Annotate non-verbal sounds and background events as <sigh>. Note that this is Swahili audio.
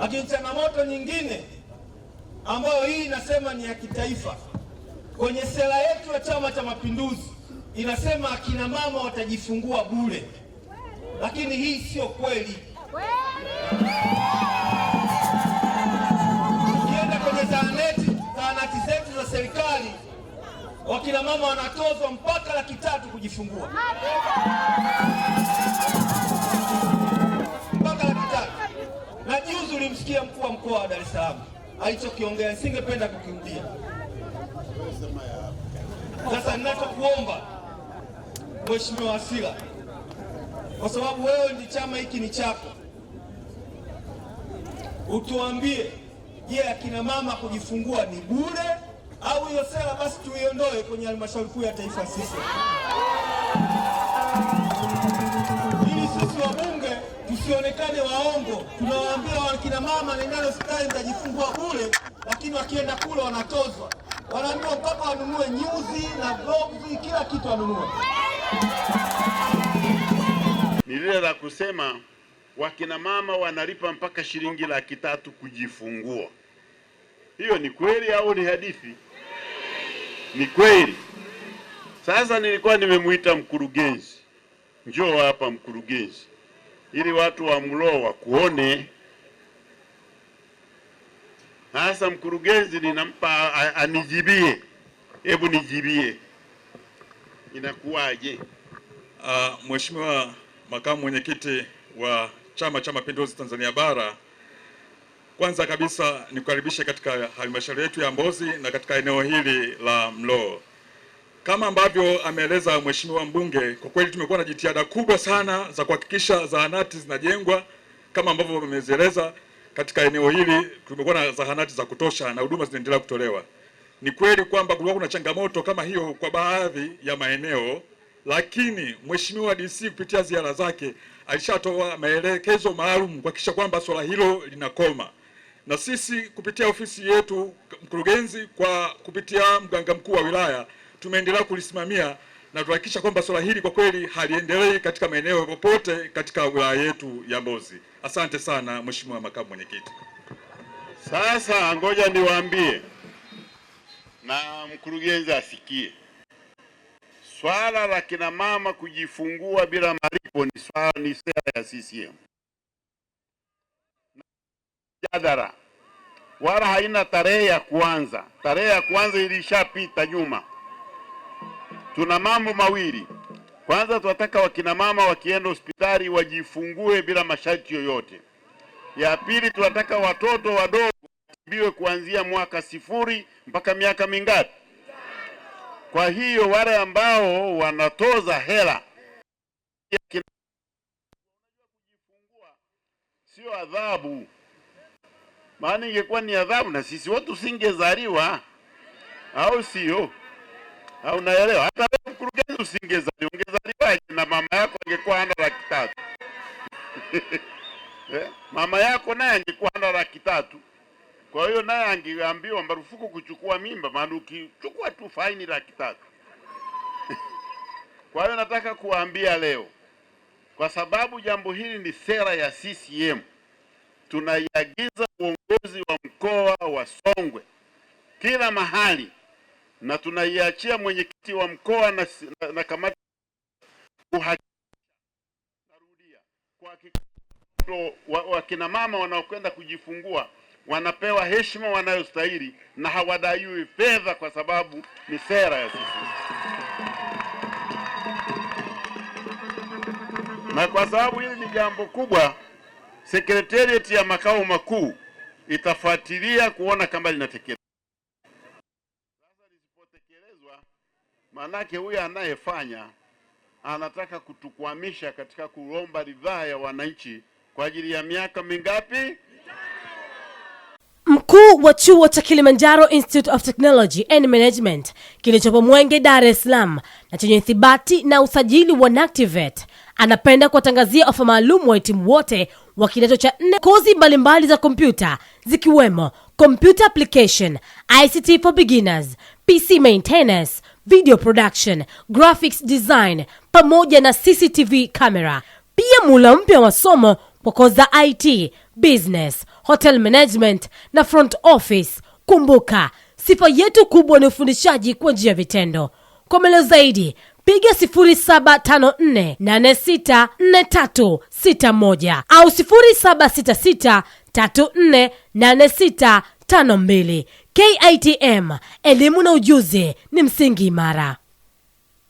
Lakini changamoto nyingine ambayo hii inasema ni ya kitaifa, kwenye sera yetu ya Chama cha Mapinduzi inasema akina mama watajifungua bure, lakini hii sio kweli. Ukienda kwenye zahanati, zahanati zetu za serikali wakina mama wanatozwa mpaka laki tatu kujifungua. Nimemsikia mkuu wa mkoa wa Dar es Salaam alichokiongea, nisingependa kukirudia. Sasa ninachokuomba Mheshimiwa Wasira, kwa sababu wewe ndi chama hiki ni chako, utuambie, je, yeah, akina mama kujifungua ni bure au hiyo sera basi tuiondoe kwenye halmashauri kuu ya taifa sisi tusionekane waongo. Tunawaambia wakina mama, nendeni hospitali mtajifungua kule, lakini wakienda kule wanatozwa, wanaambiwa mpaka wanunue nyuzi na gloves, kila kitu wanunue. Ni lile la kusema wakina mama wanalipa mpaka shilingi laki tatu kujifungua. Hiyo ni kweli au ni hadithi? Ni kweli. Sasa nilikuwa nimemwita mkurugenzi, njoo hapa mkurugenzi ili watu wa Mlowo wakuone. Hasa mkurugenzi ninampa anijibie, hebu nijibie, inakuwaje? Uh, Mheshimiwa makamu mwenyekiti wa Chama cha Mapinduzi Tanzania Bara, kwanza kabisa nikukaribishe katika halmashauri yetu ya Mbozi na katika eneo hili la Mlowo. Kama ambavyo ameeleza mheshimiwa mbunge, kwa kweli tumekuwa na jitihada kubwa sana za kuhakikisha zahanati zinajengwa kama ambavyo amezieleza. Katika eneo hili tumekuwa na zahanati za kutosha na huduma zinaendelea kutolewa. Ni kweli kwamba kulikuwa kuna changamoto kama hiyo kwa baadhi ya maeneo, lakini mheshimiwa DC kupitia ziara zake alishatoa maelekezo maalum kuhakikisha kwamba swala hilo linakoma, na sisi kupitia ofisi yetu mkurugenzi, kwa kupitia mganga mkuu wa wilaya tumeendelea kulisimamia na tuhakikisha kwamba swala hili kwa kweli haliendelei katika maeneo popote katika wilaya yetu ya Mbozi. Asante sana Mheshimiwa Makamu Mwenyekiti. Sasa ngoja niwaambie na mkurugenzi asikie, swala la kina mama kujifungua bila malipo ni swala, ni sera ya CCM jadara, wala haina tarehe ya kuanza. Tarehe ya kuanza ilishapita nyuma. Tuna mambo mawili. Kwanza, tunataka wakinamama wakienda hospitali wajifungue bila masharti yoyote. Ya pili, tunataka watoto wadogo watibiwe kuanzia mwaka sifuri mpaka miaka mingapi? Kwa hiyo wale ambao wanatoza hela kujifungua sio adhabu, maana ingekuwa ni adhabu na sisi wote tusingezaliwa au sio? au ah, unaelewa? Hata wewe mkurugenzi usingezali, ungezaliwaje? Na mama yako angekuwa ana laki tatu <laughs> eh? mama yako naye angekuwa ana laki tatu kwa hiyo naye angeambiwa marufuku kuchukua mimba, maana ukichukua tu faini laki tatu <laughs> Kwa hiyo nataka kuwaambia leo, kwa sababu jambo hili ni sera ya CCM, tunaiagiza uongozi wa mkoa wa Songwe kila mahali na tunaiachia mwenyekiti wa mkoa na, na, na kamati kuhakikisha wakina mama wanaokwenda kujifungua wanapewa heshima wanayostahili na hawadaiwi fedha kwa sababu ni sera ya sisi. Na kwa sababu hili ni jambo kubwa, sekretarieti ya makao makuu itafuatilia kuona kama linatekelezwa. Maanake huyo anayefanya anataka kutukwamisha katika kuomba ridhaa ya wananchi kwa ajili ya miaka mingapi? Mkuu wa chuo cha Kilimanjaro Institute of Technology and Management kilichopo Mwenge, Dar es Salaam na chenye thibati na usajili wa NACTVET anapenda kuwatangazia ofa maalum wahitimu wote wa kidato cha nne kozi mbalimbali za kompyuta zikiwemo computer application, ICT for beginners, PC maintenance video production, graphics design pamoja na CCTV camera. Pia mula mpya wa somo koza IT, business, hotel management na front office. Kumbuka, sifa yetu kubwa ni ufundishaji kwa njia ya vitendo. Kwa maelezo zaidi piga 0754864361 au 0766348652. KITM, elimu na ujuzi ni msingi imara.